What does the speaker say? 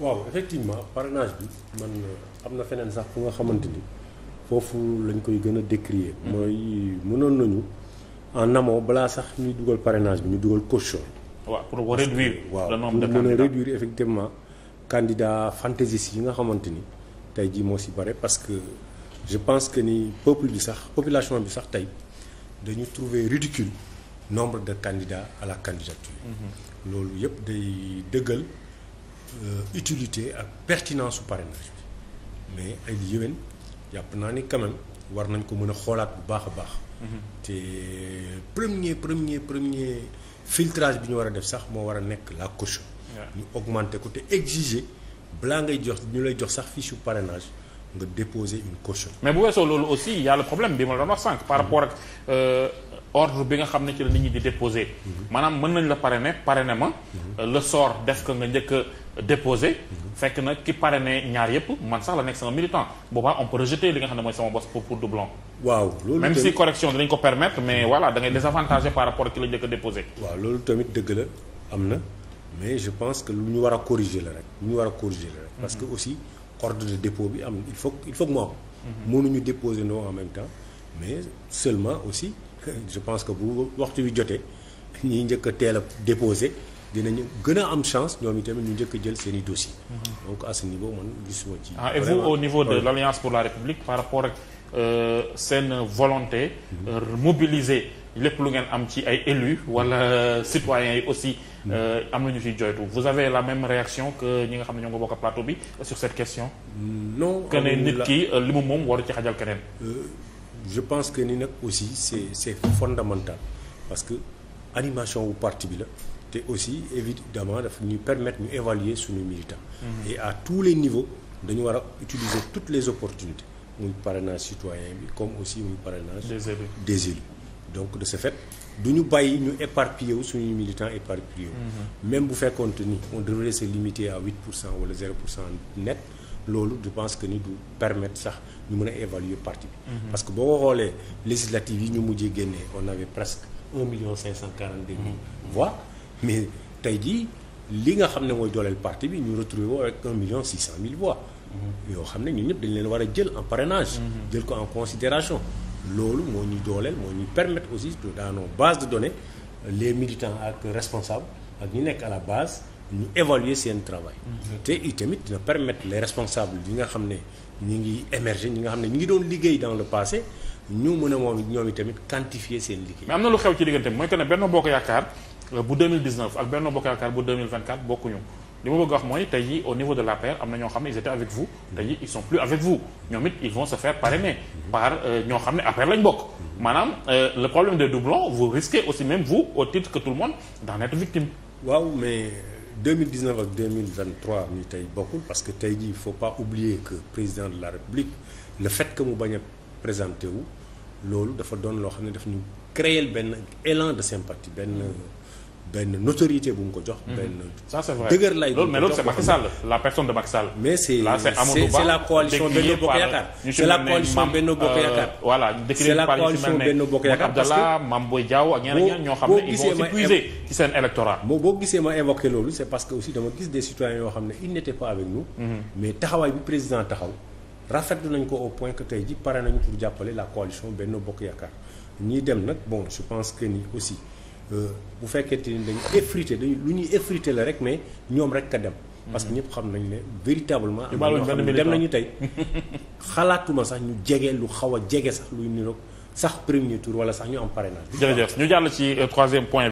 waaw effectivement parrainage bi man am na feneen sax fu nga xamante ni foofu lañ koy gën a décrier hmm. mooy mënoon nañu en amont balaa sax ñuy dugal parrainage bi ñu dugal caution. waaw pour réduire. le de candidats waaw pour mën a réduire effectivement candidat fantaisiste yi nga xamante ni tey jii moo si bare parce que je pense que ni peuple bi sax population bi sax tey dañu trouver ridicule nombre de candidats à la candidature. Hmm. loolu yëpp day dëggal. Euh, utilité ak pertinence su parrainage bi mais ay yéwén jàpp naa ni quand war nañ ko mën a xoolaat bu baax a baax. Mhm. te premier premier premier filtrage bi ñu war a def sax moo war a nekk la caution. ñu augmenter ko te exiger balaa ngay jox ñu lay jox sax fiche su parrainage. nga déposer une caution. mais bu weesoo loolu aussi il y a le problème bi ma la doon wax sànq. par mhm. rapport ak euh, ordre bi nga xam ne ci la nit ñi di déposé. maanaam mën nañ la parrainer parrainer ma. le def ko nga njëkk a fekk na ki parrainer ñaar yëpp man sax la nekk sama militant boobaa on peut rejeter li nga xam ne mooy sama bopp pour pour doublon. waaw loolu même si correction dinañ ko permettre mais voilà da ngay désavantagé par rapport ak ki la njëkk a waaw loolu tamit dëgg la am na mais je pense que lu ñu war a corriger la rek lu ñu war a corriger la rek. Mhm. parce que aussi ordre de dépôt bi am il faut il je pense que bu waxtu wi jotee ñi njëkk a teel a déposé dinañu gën a am chance ñoom tamit ñu njëkk a jël seen i dossiers. Mm-hmm. donc à ce niveau man gisuma ci. ah et au niveau de l' alliance pour par rapport ak euh, seen volonté. Mm-hmm. Euh, mobiliser lépp lu ngeen am ci ay élus wala citoyens yi aussi. Mm-hmm. Euh, am na ñu ciy joytu vous avez la même réaction que ñi nga xam ne ñoo ngi bokk plateau bi sur cette question. non que ne nit ki li mu moom waru ci xajal keneen. je pense que ni nag aussi c'est c'est fondamental parce que animation wu parti bi la te aussi évidemment daf ñu permettre ñu évaluer suñu militant mm-hmm. et à tous les niveaux dañu war a utiliser toutes les opportunités muy parrainage citoyen bi comme aussi muy parrainage des élus donc de ce fait du ñu bàyyi ñu éparpillé wu suñuy militants éparpillé wu mm-hmm. même bu fekkoonte ni on devrait se limiter à 8 pour cent wala 0 pour cent net loolu je pense que ni du permettre sax ñu mën a évaluer parti bi mhm. parce que boo xoolee législatives yi ñu mujjee génne on avait presque un million cinq cent quarante deux mille mhm. voix mais tey jii li nga xam ne mooy dooleel parti bi ñu retrouvé woo avec un million six cent mille voix mhm. yoo xam ne ñun ñëpp dañ leen war a jël en parrainage jël ko en considération loolu moo ñuy dooleel moo ñuy permettre aussi dans nos bases de données les militants ak responsable ak ñu nekk à la ñu évaluer seen travail. te itamit dina permettre les responsables yi nga xam ne ñi ngi émerger ñu nga xam ne ñu ngi doon liggéey dans le passé ñu mën a moom ñoom itamit quantifier seen liggéey. mais am na lu xew ci diggante mooy que ne Benno Bokk Yaakaar euh, bu 2019 ak Benno Bokk Yaakaar bu bokkuñu. li ma bëgg wax mooy tey jii au niveau de l'APR am na ñoo xam ne ils étaient avec vous tey ils sont plus avec vous ñoom it ils vont se faire parrainer par euh, ñoo xam ne deux 2019 ak 2023 ni tey bokkul parce que tey jii il faut pas oublier que président de la république la fait ko mu bañ a présenté wu loolu dafa doon loo xam ne daf ñu créer benn élan de sympathie benn benn notoriété bu mu ko jox. Mhm. benn ça c'est vrai dëgër lay. mais loolu c'est la de Macky Sall. mais c'est c'est la coalition Benno Bokk Yaakaar. c'est la coalition Benno Bokk Yaakaar. ñoo xam ne ils vont s'épuiser ci seen électorat. boo gisee ma évoqué parce que aussi dama gis des citoyens yoo mhm. président taxaw rafetlu ko au point que tey ji pare nañu pour jàppale la coalition Benno Bokk Yaakaar ñii dem nag bon je pense que ni aussi. Euh, bu fekkente ni dañu effrité dañu lu ñuy effrité la rek mais ñoom rek ka dem. Hmm. parce que ñëpp xam nañu ne véritablement. am na ñoo xam ne dem nañu tey xalaatuma sax ñu jege lu xaw a jege sax luy niroog sax premier tour wala sax ñu am parrainage. jërëjëf ñu jàll ci euh, troisième point.